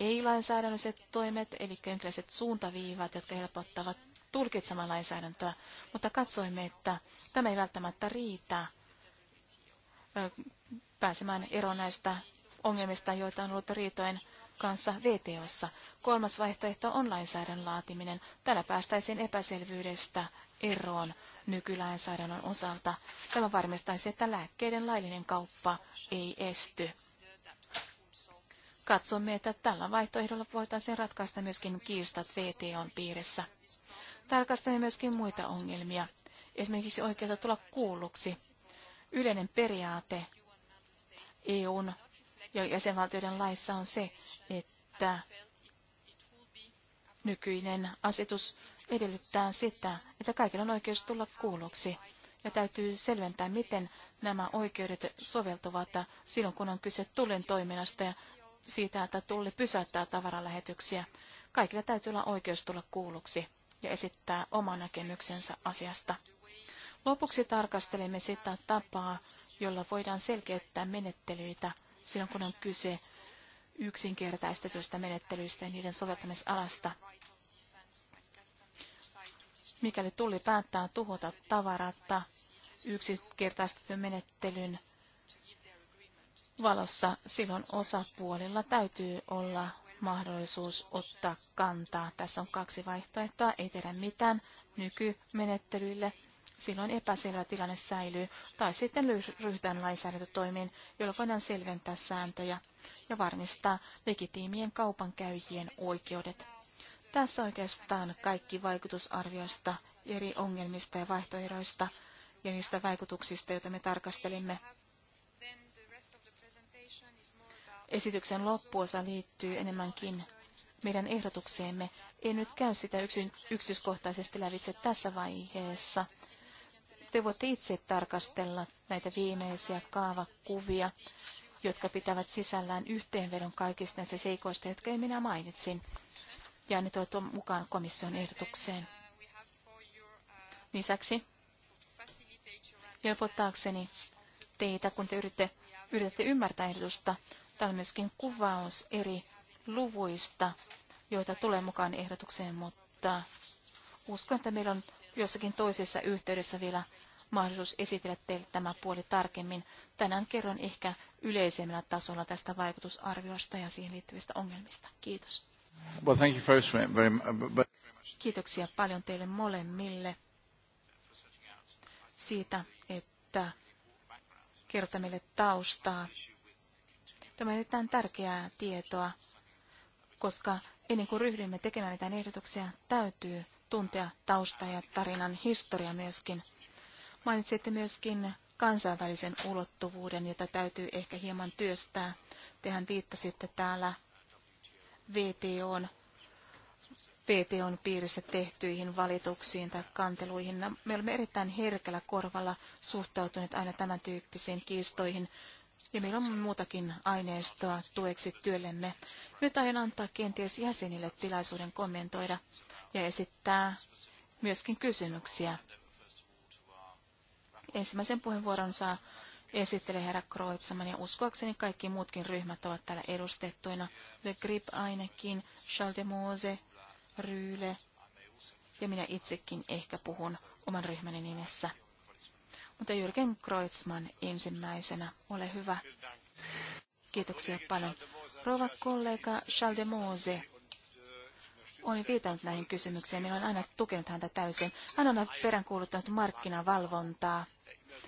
ei-lainsäädännölliset toimet, eli jonkinlaiset suuntaviivat, jotka helpottavat tulkitsemaan lainsäädäntöä, mutta katsoimme, että tämä ei välttämättä riitä pääsemään eroon näistä ongelmista, joita on ollut riitojen kanssa VTOssa. Kolmas vaihtoehto on lainsäädännön laatiminen. Tällä päästäisiin epäselvyydestä eroon nykylainsäädännön osalta. Tämä varmistaisi, että lääkkeiden laillinen kauppa ei esty. Katsomme, että tällä vaihtoehdolla voitaisiin ratkaista myöskin kiistat VTOn piirissä. Tarkastamme myöskin muita ongelmia, esimerkiksi oikeutta tulla kuulluksi. Yleinen periaate EUn ja jäsenvaltioiden laissa on se, että nykyinen asetus edellyttää sitä, että kaikilla on oikeus tulla kuulluksi. Ja täytyy selventää, miten nämä oikeudet soveltuvat silloin, kun on kyse tullin toiminnasta ja siitä, että tulli pysäyttää tavaralähetyksiä. Kaikilla täytyy olla oikeus tulla kuulluksi ja esittää oma näkemyksensä asiasta. Lopuksi tarkastelemme sitä tapaa, jolla voidaan selkeyttää menettelyitä silloin, kun on kyse yksinkertaistetuista menettelyistä ja niiden soveltamisalasta. Mikäli tuli päättää tuhota tavaratta yksinkertaistetun menettelyn valossa, silloin osapuolilla täytyy olla mahdollisuus ottaa kantaa. Tässä on kaksi vaihtoehtoa, ei tehdä mitään nykymenettelyille – silloin epäselvä tilanne säilyy, tai sitten ryhdytään lainsäädäntötoimiin, joilla voidaan selventää sääntöjä ja varmistaa legitiimien kaupankäyjien oikeudet. Tässä oikeastaan kaikki vaikutusarvioista, eri ongelmista ja vaihtoehdoista ja niistä vaikutuksista, joita me tarkastelimme. Esityksen loppuosa liittyy enemmänkin meidän ehdotukseemme. En nyt käy sitä yksityiskohtaisesti lävitse tässä vaiheessa. Te voitte itse tarkastella näitä viimeisiä kaavakuvia, jotka pitävät sisällään yhteenvedon kaikista näistä seikoista, jotka ei minä mainitsin, ja ne tuotu mukaan komission ehdotukseen. Lisäksi helpottaakseni teitä, kun te yritte, yritätte ymmärtää ehdotusta, täällä on myöskin kuvaus eri luvuista, joita tulee mukaan ehdotukseen, mutta uskon, että meillä on jossakin toisessa yhteydessä vielä mahdollisuus esitellä teille tämä puoli tarkemmin. Tänään kerron ehkä yleisemmällä tasolla tästä vaikutusarviosta ja siihen liittyvistä ongelmista. Kiitos. Well, thank you first very, very Kiitoksia paljon teille molemmille siitä, että kerrotte meille taustaa. Tämä on erittäin tärkeää tietoa, koska ennen kuin ryhdymme tekemään mitään ehdotuksia, täytyy tuntea tausta ja tarinan historia myöskin. Mainitsitte myöskin kansainvälisen ulottuvuuden, jota täytyy ehkä hieman työstää. Tehän viittasitte täällä VTOn, VTOn piirissä tehtyihin valituksiin tai kanteluihin. No, me olemme erittäin herkällä korvalla suhtautuneet aina tämän tyyppisiin kiistoihin, ja meillä on muutakin aineistoa tueksi työllemme. Nyt aion antaa kenties jäsenille tilaisuuden kommentoida ja esittää myöskin kysymyksiä. Ensimmäisen puheenvuoron saa esittelee herra Kroitsaman ja uskoakseni kaikki muutkin ryhmät ovat täällä edustettuina. Le Grip ainakin, Charles de Mose, Ryle ja minä itsekin ehkä puhun oman ryhmäni nimessä. Mutta Jürgen Kreutzmann ensimmäisenä, ole hyvä. Kiitoksia paljon. Rova kollega Charles de Mose olin viitannut näihin kysymyksiin. Minä olen aina tukenut häntä täysin. Hän on peräänkuuluttanut markkinavalvontaa.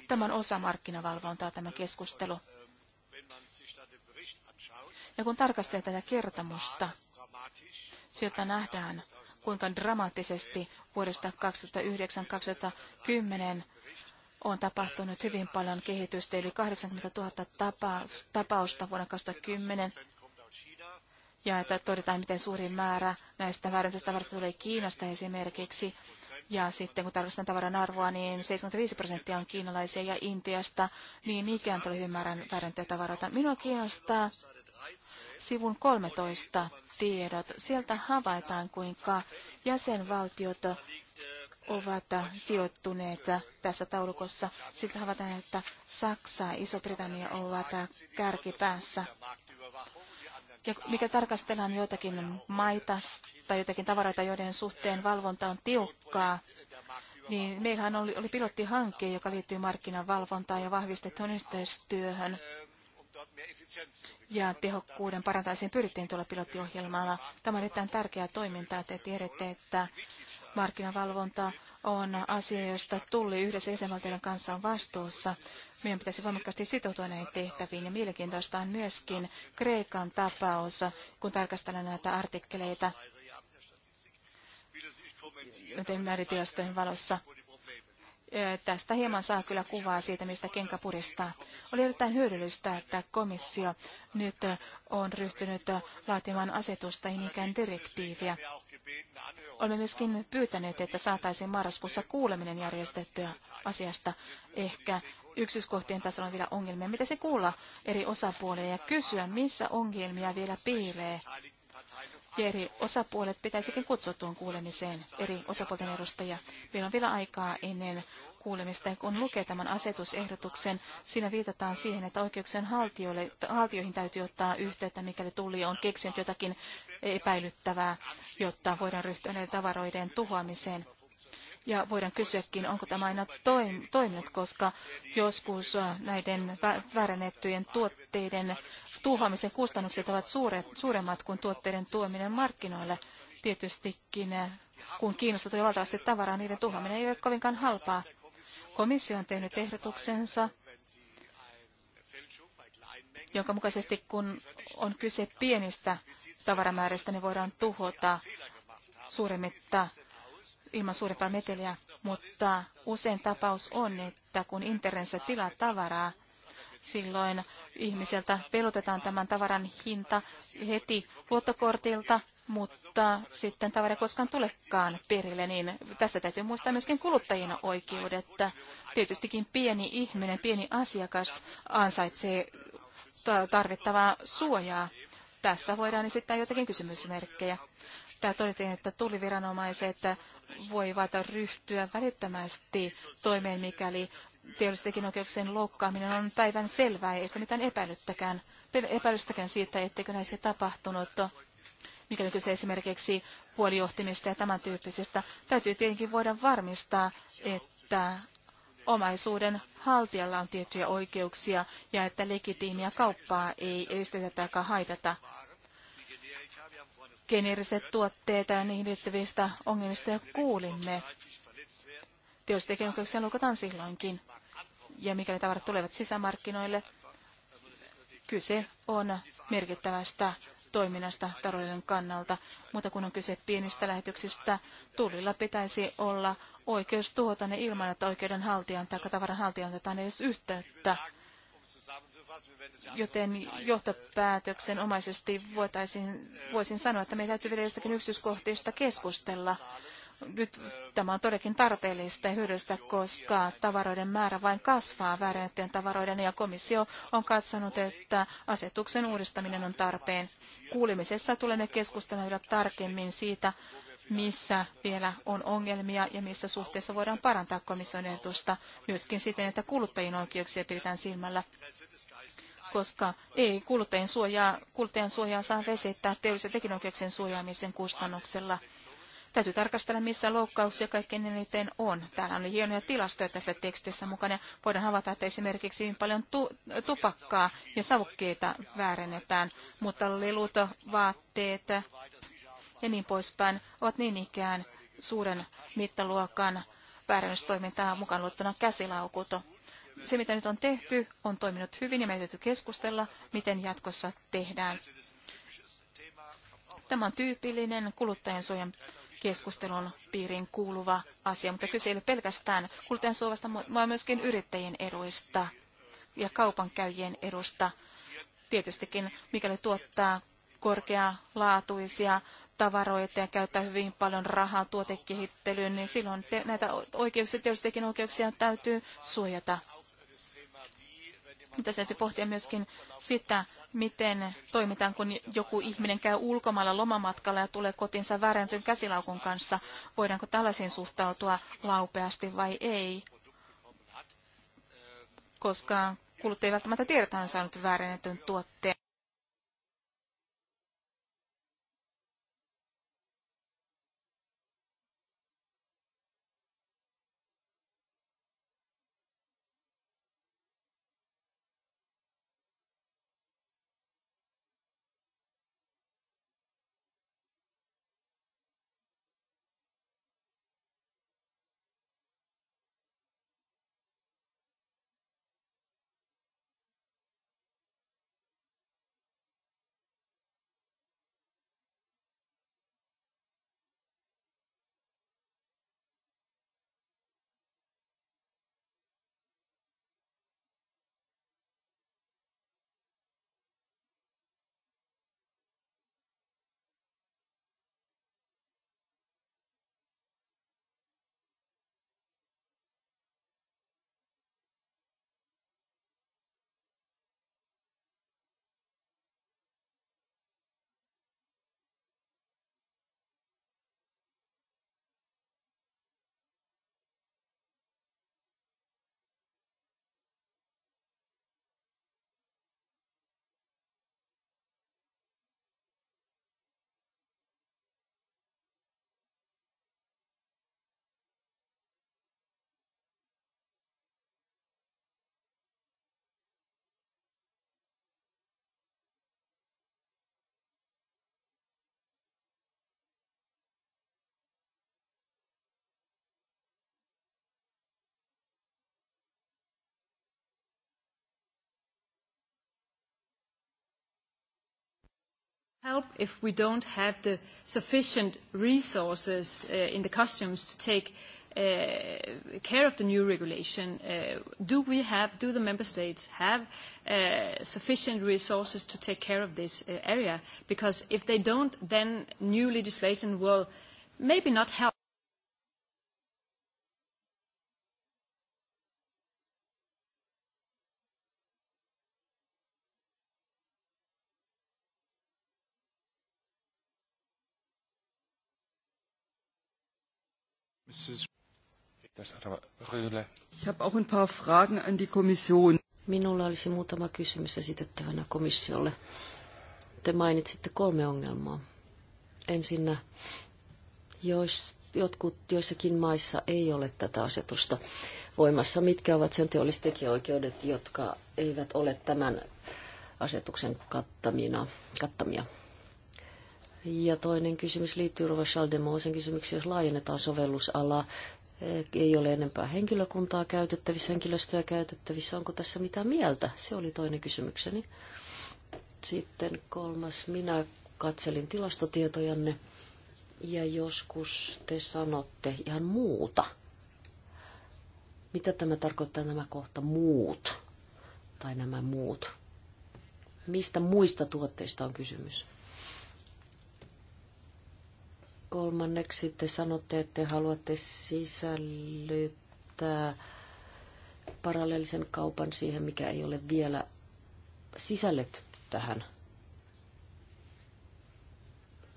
Tämä on osa markkinavalvontaa, tämä keskustelu. Ja kun tarkastelee tätä kertomusta, sieltä nähdään, kuinka dramaattisesti vuodesta 2009-2010 on tapahtunut hyvin paljon kehitystä, eli 80 000 tapa, tapausta vuonna 2010 ja että todetaan, miten suuri määrä näistä väärentäistä tavaroista tulee Kiinasta esimerkiksi. Ja sitten kun tarkastetaan tavaran arvoa, niin 75 prosenttia on kiinalaisia ja Intiasta, niin ikään tuli hyvin määrän väärentyjä tavaroita. Minua kiinnostaa sivun 13 tiedot. Sieltä havaitaan, kuinka jäsenvaltiot ovat sijoittuneet tässä taulukossa. Siltä havaitaan, että Saksa ja Iso-Britannia ovat kärkipäässä ja mikä tarkastellaan joitakin maita tai jotakin tavaroita, joiden suhteen valvonta on tiukkaa, niin meillähän oli, oli pilottihanke, joka liittyy markkinavalvontaan ja vahvistettuun yhteistyöhön. Ja tehokkuuden parantaisiin pyrittiin tuolla pilottiohjelmalla. Tämä on erittäin tärkeää toimintaa. Te tiedätte, että markkinavalvonta on asia, josta tulli yhdessä jäsenvaltioiden kanssa on vastuussa. Meidän pitäisi voimakkaasti sitoutua näihin tehtäviin ja mielenkiintoista on myöskin Kreikan tapaus, kun tarkastellaan näitä artikkeleita veterinääritilastojen valossa. Tästä hieman saa kyllä kuvaa siitä, mistä kenkä puristaa. Oli erittäin hyödyllistä, että komissio nyt on ryhtynyt laatimaan asetusta, ei niinkään direktiiviä. Olemme myöskin pyytäneet, että saataisiin marraskuussa kuuleminen järjestettyä asiasta. Ehkä yksityiskohtien tasolla on vielä ongelmia. Mitä se kuulla eri osapuolia ja kysyä, missä ongelmia vielä piilee? Ja eri osapuolet pitäisikin kutsua tuon kuulemiseen, eri osapuolten edustajia. Meillä on vielä aikaa ennen kuulemista. Kun lukee tämän asetusehdotuksen, siinä viitataan siihen, että oikeuksien haltijoille, haltijoihin täytyy ottaa yhteyttä, mikäli tuli on keksinyt jotakin epäilyttävää, jotta voidaan ryhtyä näiden tavaroiden tuhoamiseen. Ja voidaan kysyäkin, onko tämä aina toiminut, koska joskus äh, näiden väärännettyjen tuotteiden tuhoamisen kustannukset ovat suuret, suuremmat kuin tuotteiden tuominen markkinoille. Tietystikin äh, kun kiinnostat valtavasti tavaraa, niiden tuhoaminen ei ole kovinkaan halpaa. Komissio on tehnyt ehdotuksensa, jonka mukaisesti kun on kyse pienistä tavaramääristä, ne voidaan tuhota suuremmitta ilman suurempaa meteliä, mutta usein tapaus on, että kun internetissä tilaa tavaraa, silloin ihmiseltä pelotetaan tämän tavaran hinta heti luottokortilta mutta sitten tavara koskaan tulekaan perille, niin tässä täytyy muistaa myöskin kuluttajien oikeudet. että Tietystikin pieni ihminen, pieni asiakas ansaitsee tarvittavaa suojaa. Tässä voidaan esittää jotakin kysymysmerkkejä. Tää todettiin, että tulliviranomaiset voivat ryhtyä välittömästi toimeen, mikäli teollistenkin oikeuksien loukkaaminen on päivän selvää, eikä mitään epäilystäkään, epäilystäkään siitä, etteikö näissä tapahtunut mikäli kyse esimerkiksi puolijohtimista ja tämän tyyppisistä. Täytyy tietenkin voida varmistaa, että omaisuuden haltijalla on tiettyjä oikeuksia ja että legitiimiä kauppaa ei estetä tai haitata. Geneeriset tuotteet ja niihin liittyvistä ongelmista jo kuulimme. Teostekin oikeuksia loukataan silloinkin. Ja mikäli tavarat tulevat sisämarkkinoille, kyse on merkittävästä toiminnasta talouden kannalta, mutta kun on kyse pienistä lähetyksistä, tullilla pitäisi olla oikeus tuhota ne ilman, että oikeudenhaltijan tai tavaranhaltijan otetaan edes yhteyttä. Joten johtopäätöksen omaisesti voitaisiin, voisin sanoa, että meidän täytyy vielä jostakin yksityiskohtista keskustella nyt tämä on todellakin tarpeellista ja hyödyllistä, koska tavaroiden määrä vain kasvaa väärennettyjen tavaroiden ja komissio on katsonut, että asetuksen uudistaminen on tarpeen. Kuulemisessa tulemme keskustelemaan vielä tarkemmin siitä, missä vielä on ongelmia ja missä suhteessa voidaan parantaa komission ehdotusta myöskin siten, että kuluttajien oikeuksia pidetään silmällä koska ei kuluttajan suojaa, kuluttajan suojaa saa vesittää teollisen tekinoikeuksien suojaamisen kustannuksella. Täytyy tarkastella, missä loukkauksia kaikkein eniten on. Täällä on hienoja tilastoja tässä tekstissä mukana. Ja voidaan havaita, että esimerkiksi hyvin paljon tu- tupakkaa ja savukkeita väärennetään, mutta lelut, vaatteet ja niin poispäin ovat niin ikään suuren mittaluokan väärennystoimintaa mukaan luettuna käsilaukut se, mitä nyt on tehty, on toiminut hyvin ja meidän täytyy keskustella, miten jatkossa tehdään. Tämä on tyypillinen kuluttajansuojan keskustelun piiriin kuuluva asia, mutta kyse ei ole pelkästään kuluttajansuojasta, vaan myöskin yrittäjien eduista ja kaupankäyjien edusta. Tietystikin, mikäli tuottaa korkealaatuisia tavaroita ja käyttää hyvin paljon rahaa tuotekehittelyyn, niin silloin te, näitä oikeuksia, tietystikin oikeuksia täytyy suojata. Mitä täytyy pohtia myöskin sitä, miten toimitaan, kun joku ihminen käy ulkomailla lomamatkalla ja tulee kotinsa väärentyn käsilaukun kanssa. Voidaanko tällaisiin suhtautua laupeasti vai ei? Koska kuluttaja ei välttämättä tiedä, että on saanut väärennetyn tuotteen. help if we don't have the sufficient resources uh, in the customs to take uh, care of the new regulation? Uh, do we have, do the member states have uh, sufficient resources to take care of this uh, area? Because if they don't, then new legislation will maybe not help. Ich habe auch ein paar Fragen an die Kommission. Minulla olisi muutama kysymys esitettävänä komissiolle. Te mainitsitte kolme ongelmaa. Ensinnä, jos jotkut, joissakin maissa ei ole tätä asetusta voimassa. Mitkä ovat sen teollistekijäoikeudet, jotka eivät ole tämän asetuksen kattamina, kattamia? Ja toinen kysymys liittyy Rova Chaldemosen kysymykseen, jos laajennetaan sovellusalaa. Eh, ei ole enempää henkilökuntaa käytettävissä, henkilöstöä käytettävissä. Onko tässä mitään mieltä? Se oli toinen kysymykseni. Sitten kolmas. Minä katselin tilastotietojanne ja joskus te sanotte ihan muuta. Mitä tämä tarkoittaa nämä kohta muut? Tai nämä muut? Mistä muista tuotteista on kysymys? Kolmanneksi te sanotte, että haluatte sisällyttää paralleellisen kaupan siihen, mikä ei ole vielä sisällytetty tähän.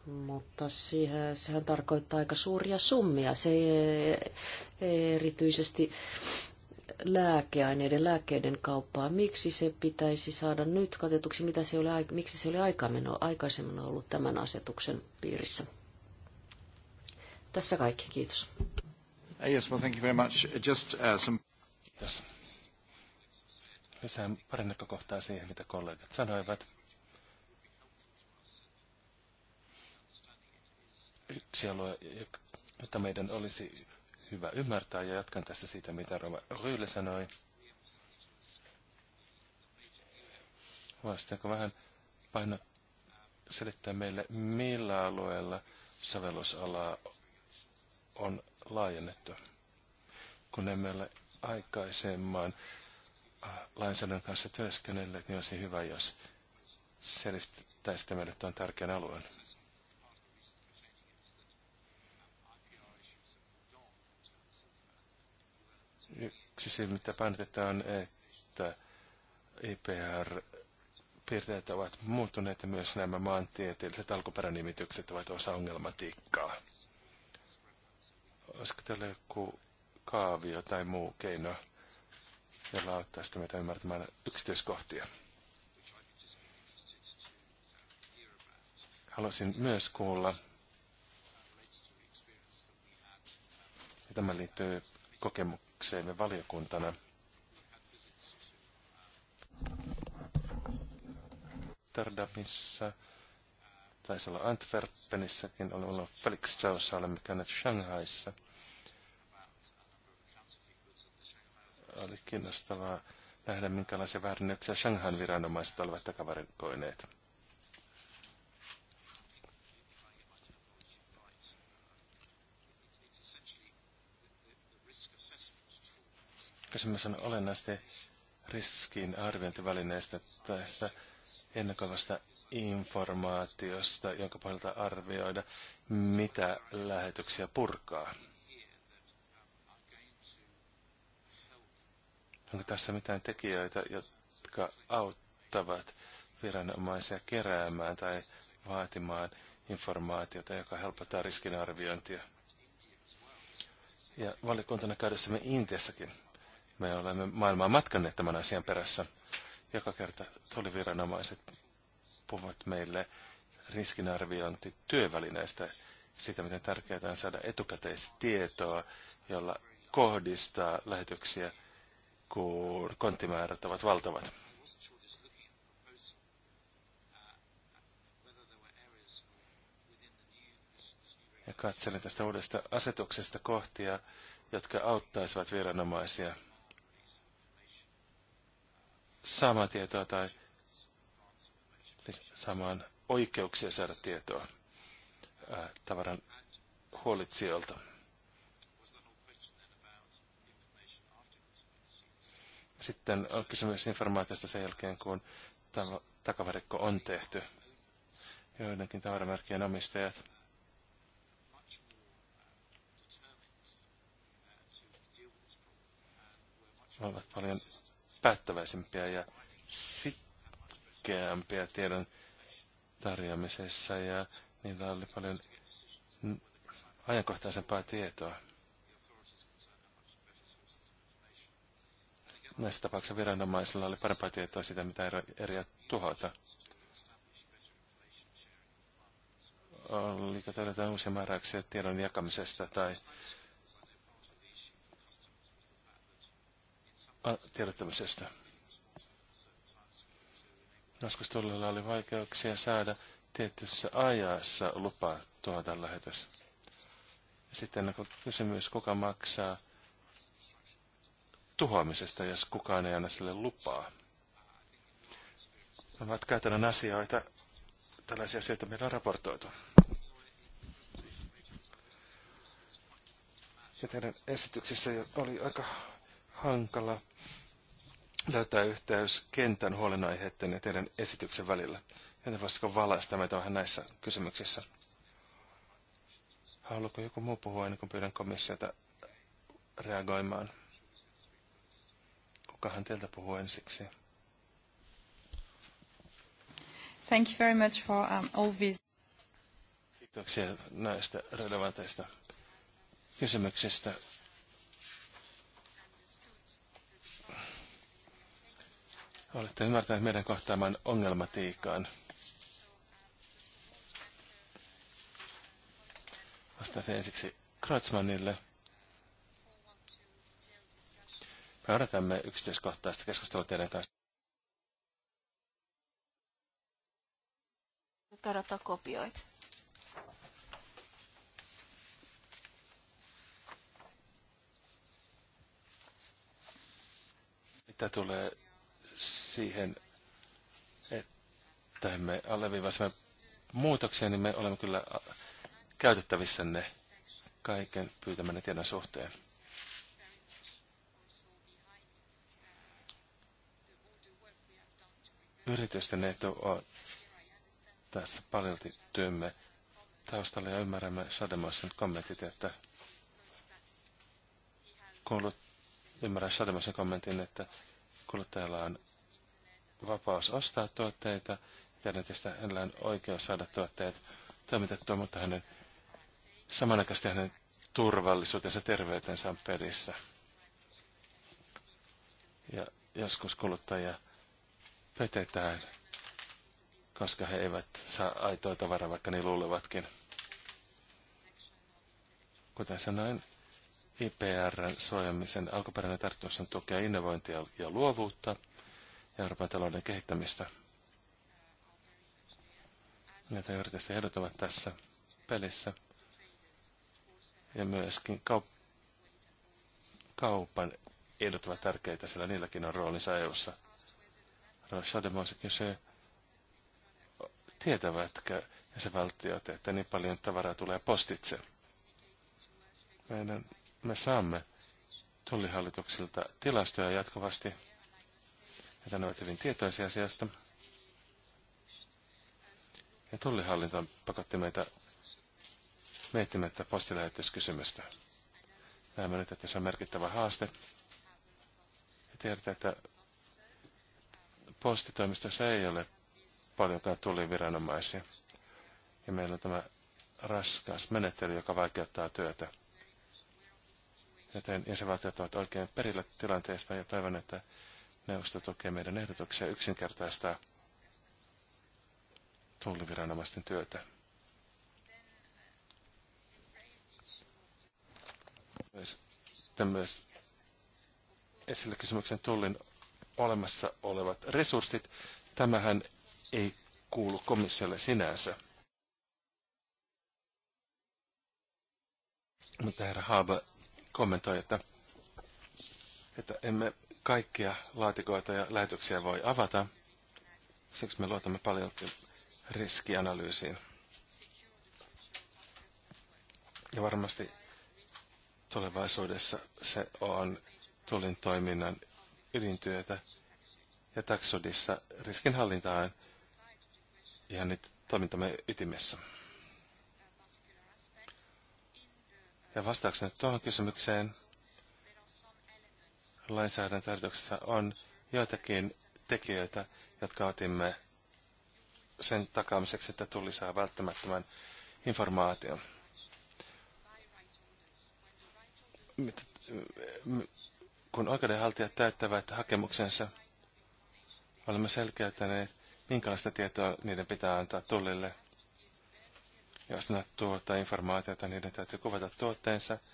Mutta siihen, sehän tarkoittaa aika suuria summia. Se erityisesti lääkeaineiden, lääkkeiden kauppaa. Miksi se pitäisi saada nyt katetuksi? Mitä se oli, miksi se oli aikaisemmin ollut tämän asetuksen piirissä? Tässä kaikki, kiitos. Uh, yes, well, thank you very much. Uh, just, uh, some... Kiitos. Lisään pari näkökohtaa siihen, mitä kollegat sanoivat. Yksi alue, jota meidän olisi hyvä ymmärtää, ja jatkan tässä siitä, mitä Rova Ryyli sanoi. Voisitko vähän painot selittää meille, millä alueella sovellusalaa on laajennettu. Kun emme ole aikaisemman äh, lainsäädännön kanssa työskennelleet, niin olisi hyvä, jos selittäisitte meille tuon tärkeän alueen. Yksi syy, mitä painotetaan, että IPR-piirteet ovat muuttuneet ja myös nämä maantieteelliset alkuperänimitykset ovat osa ongelmatiikkaa. Olisiko tällä joku kaavio tai muu keino, jolla auttaa sitä meitä ymmärtämään yksityiskohtia? Haluaisin myös kuulla, ja tämä liittyy kokemukseemme valiokuntana, Amsterdamissa, taisi olla Antwerpenissäkin, olen ollut Felix Chaossa, olemme käyneet Shanghaissa – oli kiinnostavaa nähdä, minkälaisia väärinnyksiä Shanghain viranomaiset olivat takavarikoineet. Kysymys on olennaisesti riskin arviointivälineestä tästä ennakoivasta informaatiosta, jonka pohjalta arvioida, mitä lähetyksiä purkaa. Onko tässä mitään tekijöitä, jotka auttavat viranomaisia keräämään tai vaatimaan informaatiota, joka helpottaa riskinarviointia? Ja valikuntana käydessämme Intiassakin me olemme maailmaa matkanneet tämän asian perässä. Joka kerta viranomaiset puhuvat meille riskinarviointi työvälineistä, sitä miten tärkeää on saada etukäteistietoa, jolla kohdistaa lähetyksiä kun konttimäärät ovat valtavat. Ja katselin tästä uudesta asetuksesta kohtia, jotka auttaisivat viranomaisia saamaan tietoa tai saamaan oikeuksia saada tietoa tavaran huolitsijoilta. Sitten on kysymys informaatiosta sen jälkeen, kun takavarikko on tehty. Joidenkin tavaramerkkien omistajat ovat paljon päättäväisempiä ja sikkeämpiä tiedon tarjoamisessa ja niillä oli paljon ajankohtaisempaa tietoa. Näissä tapauksissa viranomaisilla oli parempaa tietoa siitä, mitä eriä tuhota. Oliko teillä jotain uusia määräyksiä tiedon jakamisesta tai tiedottamisesta? Joskus tullilla oli vaikeuksia saada tietyssä ajassa lupaa tuoda lähetys. Sitten on kysymys, kuka maksaa tuhoamisesta, jos kukaan ei anna sille lupaa. Nämä ovat käytännön asioita, tällaisia asioita meillä on raportoitu. Ja teidän esityksessä oli aika hankala löytää yhteys kentän huolenaiheiden ja teidän esityksen välillä. Entä voisitko valaista meitä vähän näissä kysymyksissä? Haluatko joku muu puhua ennen kuin pyydän komissiota reagoimaan? Kukahan teiltä puhuu ensiksi. Thank you very much for um, all these. Kiitoksia näistä relevanteista kysymyksistä. Olette ymmärtäneet meidän kohtaamaan ongelmatiikkaan. Vastaisin ensiksi Kratzmannille. Me odotamme yksityiskohtaista keskustelua teidän kanssa. Karata kopioit. Mitä tulee siihen, että me alleviivaisimme muutoksia, niin me olemme kyllä käytettävissänne kaiken pyytämänne tiedon suhteen. Yritysten etu on tässä paljolti työmme taustalla ja ymmärrämme Sademoisen kommentit, että kuulut, ymmärrän Sademoisen kommentin, että kuluttajalla on vapaus ostaa tuotteita, internetistä hänellä on oikeus saada tuotteet toimitettua, mutta hänen samanaikaisesti hänen turvallisuutensa ja terveytensä on pelissä. Ja joskus kuluttaja petetään, koska he eivät saa aitoa tavaraa, vaikka ne niin luulevatkin. Kuten sanoin, IPRn suojamisen alkuperäinen tarkoitus on tukea innovointia ja luovuutta ja Euroopan talouden kehittämistä. Näitä yritysten ehdot ovat tässä pelissä. Ja myöskin kaup- kaupan ehdot ovat tärkeitä, sillä niilläkin on roolinsa EU:ssa. ssa Äh, ja se tietävätkö jäsenvaltiot, että niin paljon tavaraa tulee postitse? Meidän, me saamme tullihallituksilta tilastoja jatkuvasti, että ne ovat hyvin tietoisia asiasta. Ja tullihallinto pakotti meitä miettimättä postilähetyskysymystä. Näemme nyt, että se on merkittävä haaste. Ja tiedetään, että postitoimistossa ei ole paljonkaan tulliviranomaisia. Ja meillä on tämä raskas menettely, joka vaikeuttaa työtä. Joten jäsenvaltiot ovat oikein perillä tilanteesta ja toivon, että neuvosto tukee meidän ehdotuksia yksinkertaistaa tulliviranomaisten työtä. Myös, myös esille kysymyksen tullin olemassa olevat resurssit. Tämähän ei kuulu komissiolle sinänsä. Mutta herra Haaba kommentoi, että, että emme kaikkia laatikoita ja lähetyksiä voi avata. Siksi me luotamme paljon riskianalyysiin. Ja varmasti tulevaisuudessa se on tulin toiminnan ydintyötä ja taksodissa riskinhallintaan ihan nyt toimintamme ytimessä. Ja vastauksena tuohon kysymykseen lainsäädäntöehdotuksessa on joitakin tekijöitä, jotka otimme sen takaamiseksi, että tuli saa välttämättömän informaation kun oikeudenhaltijat täyttävät hakemuksensa, olemme selkeyttäneet, minkälaista tietoa niiden pitää antaa tullille. Jos ne tuottaa informaatiota, niiden täytyy kuvata tuotteensa –